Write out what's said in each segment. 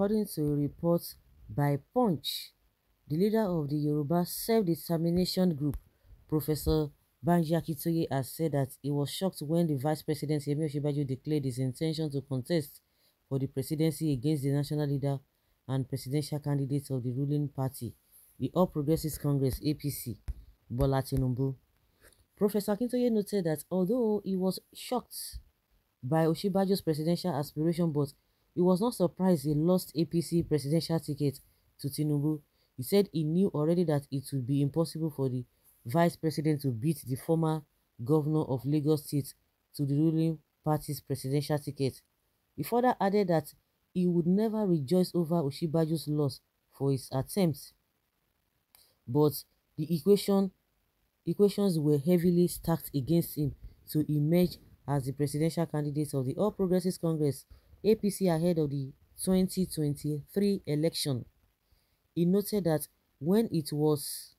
According to a report by Punch, the leader of the Yoruba Self-Determination Group, Professor Banji Akintoye, has said that he was shocked when the Vice President Yemi Osinbajo declared his intention to contest for the presidency against the national leader and presidential candidate of the ruling party, the All Progressives Congress (APC), Bola Tinubu. Professor Akintoye noted that although he was shocked by Osinbajo's presidential aspiration, but He was not surprised he lost APC presidential ticket to Tinubu. He said he knew already that it would be impossible for the vice president to beat the former governor of Lagos State to the ruling party's presidential ticket. He further added that he would never rejoice over Oshibaju's loss for his attempt, But the equation equations were heavily stacked against him to emerge as the presidential candidate of the All Progressives Congress APC ahead of the 2023 election. He noted that when it was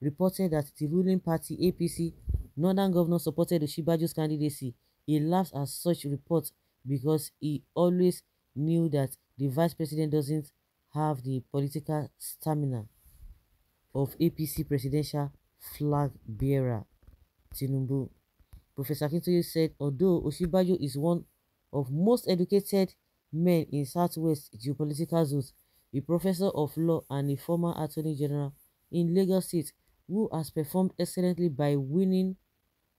reported that the ruling party APC Northern governor supported Oshibajo's candidacy, he laughs at such reports because he always knew that the vice president doesn't have the political stamina of APC presidential flag bearer Tinubu. Professor Akintoye said, although Oshibajo is one of most educated men in Southwest geopolitical zones, a professor of law and a former attorney general in Lagos State who has performed excellently by winning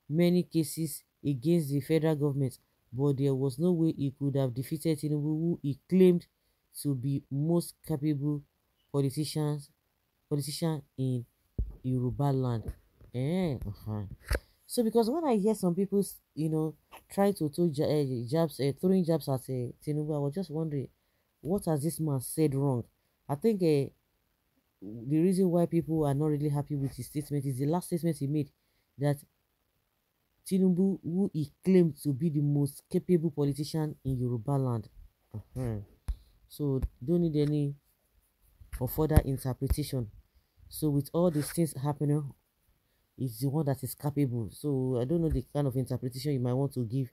many cases against the federal government, but there was no way he could have defeated Tinubu, who he claimed to be most capable politician politician in Yoruba land. Eh, uh-huh. So because when I hear some people, you know, trying to throw eh, jabs, uh, throwing jabs at uh, Tinubu, I was just wondering, what has this man said wrong? I think uh, the reason why people are not really happy with his statement is the last statement he made that Tinubu, who he claimed to be the most capable politician in Yoruba land. Uh-huh. So don't need any or further interpretation. So with all these things happening is the one that is capable. So I don't know the kind of interpretation you might want to give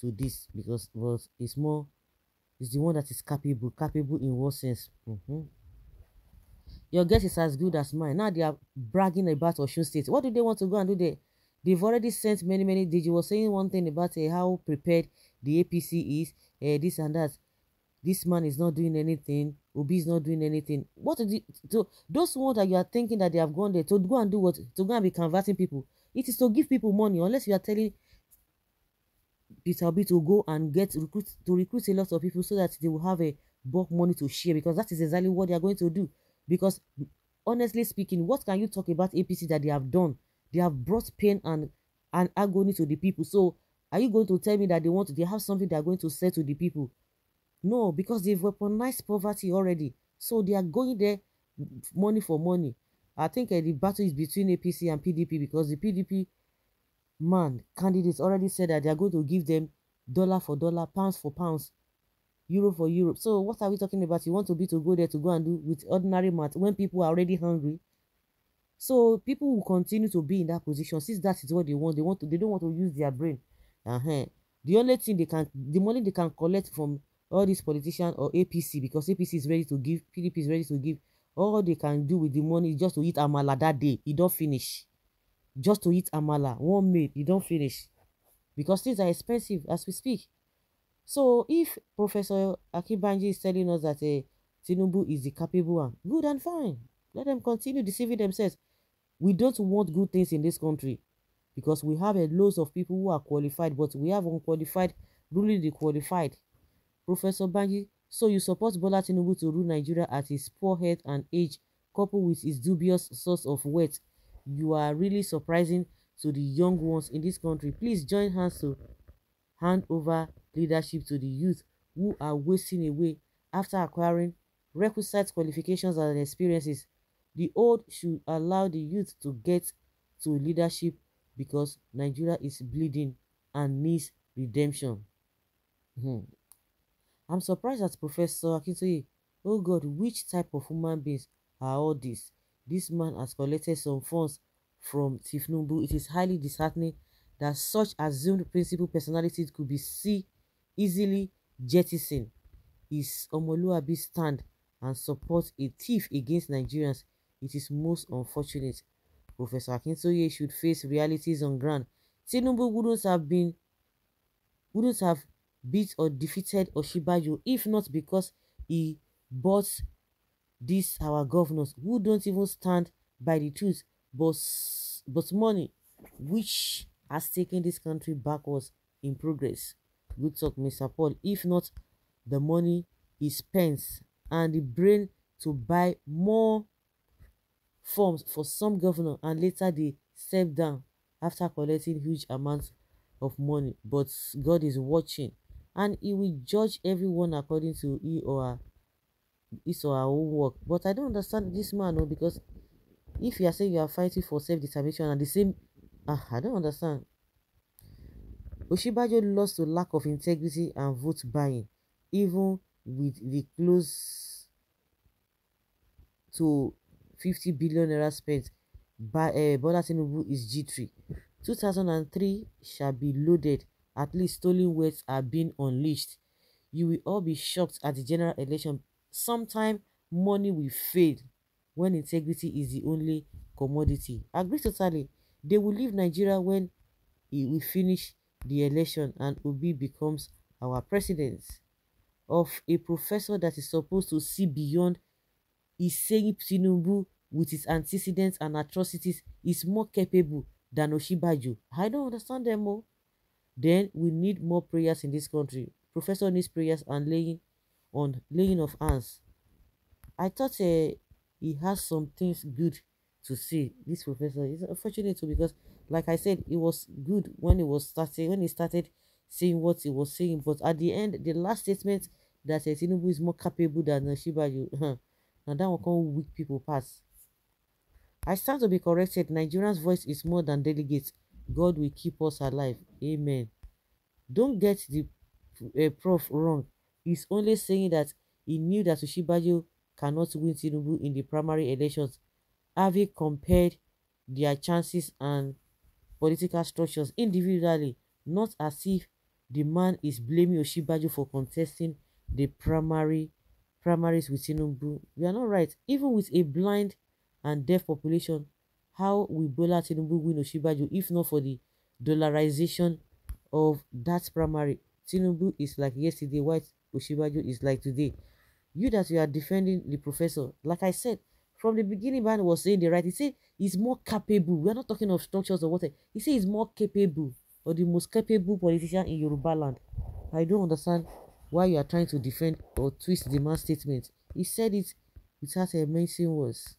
to this because but it's more Is the one that is capable. Capable in what sense? Mm-hmm. Your guess is as good as mine. Now they are bragging about Osun State. What do they want to go and do there? They've already sent many, many. Did you were saying one thing about uh, how prepared the APC is, uh, this and that. This man is not doing anything. Obi is not doing anything. What do to those ones that you are thinking that they have gone there to go and do what to go and be converting people? It is to give people money unless you are telling Peter Obi to go and get recruit to recruit a lot of people so that they will have a bulk money to share because that is exactly what they are going to do. Because honestly speaking, what can you talk about APC that they have done? They have brought pain and and agony to the people. So are you going to tell me that they want to, they have something they are going to say to the people? No, because they've weaponized poverty already. So they are going there money for money. I think uh, the battle is between APC and PDP because the PDP man candidates already said that they are going to give them dollar for dollar, pounds for pounds, euro for euro. So what are we talking about? You want to be to go there to go and do with ordinary math when people are already hungry. So people will continue to be in that position since that is what they want. They want to, they don't want to use their brain. Uh-huh. The only thing they can the money they can collect from all these politicians or APC because APC is ready to give PDP is ready to give all they can do with the money is just to eat amala that day e don finish just to eat amala one meal e don finish because things are expensive as we speak so if Professor Akinbanji is telling us that uh, Tinubu is the capable one good and fine let them continue deceiving themselves we don't want good things in this country because we have a lot of people who are qualified but we have unqualified ruling the qualified Professor Banji, so you support Bola Tinubu to rule Nigeria at his poor health and age, coupled with his dubious source of wealth. You are really surprising to the young ones in this country. Please join hands to hand over leadership to the youth who are wasting away after acquiring requisite qualifications and experiences. The old should allow the youth to get to leadership because Nigeria is bleeding and needs redemption. Hmm. I'm surprised at Professor Akintoye. Oh God, which type of human beings are all these? This man has collected some funds from Tifnumbu. It is highly disheartening that such assumed principal personalities could be see easily jettisoned. Is Omoluabi stand and support a thief against Nigerians? It is most unfortunate. Professor Akintoye should face realities on ground. Tinubu wouldn't have been wouldn't have beat or defeated Oshibajo if not because he bought these our governors who don't even stand by the truth but, but money which has taken this country backwards in progress. Good talk, Mr. Paul. If not, the money he spends and the brain to buy more forms for some governor and later they step down after collecting huge amounts of money. But God is watching and he will judge everyone according to he or her, his or her own work. But I don't understand this man, oh, because if you are saying you are fighting for self-determination and the same, ah, I don't understand. Oshibajo lost to lack of integrity and vote buying, even with the close to 50 billion naira spent by uh, Bola Tinubu is G3. 2003 shall be loaded at least stolen words are being unleashed. You will all be shocked at the general election. Sometime money will fail when integrity is the only commodity. Agree totally. They will leave Nigeria when e, we finish the election and Obi becomes our president. Of a professor that is supposed to see beyond is saying Tinubu with his antecedents and atrocities is more capable than Oshibaju. I don't understand them all. Oh. Then we need more prayers in this country. Professor needs prayers and laying on laying of hands. I thought uh, he has some things good to see. This professor is unfortunate too because, like I said, it was good when he was starting when he started saying what he was saying. But at the end, the last statement that uh, Tinubu is more capable than uh, Shibayu, now that will come weak people pass. I stand to be corrected. Nigerians' voice is more than delegates. God will keep us alive. Amen. Don't get the uh, prof wrong. He's only saying that he knew that Ushibajo cannot win Tinubu in the primary elections, having compared their chances and political structures individually, not as if the man is blaming Oshibajo for contesting the primary primaries with Tinubu. We are not right. Even with a blind and deaf population, How will Bola Tinubu win Oshibanjo if not for the dollarization of that primary? Tinubu is like yesterday, white Oshibanjo is like today. You that you are defending the professor, like I said, from the beginning, man was saying the right. He said he's more capable. We are not talking of structures or whatever. He said he's more capable or the most capable politician in Yoruba land. I don't understand why you are trying to defend or twist the man's statement. He said it without a mention words.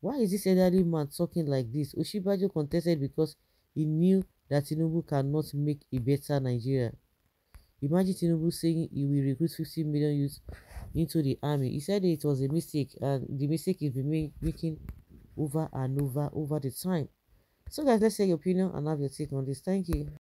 Why is this elderly man talking like this? Oshibajo contested because he knew that Tinubu cannot make a better Nigeria. Imagine Tinubu saying he will recruit 50 million youths into the army. He said it was a mistake, and the mistake is been making over and over over the time. So guys, let's say your opinion and have your take on this. Thank you.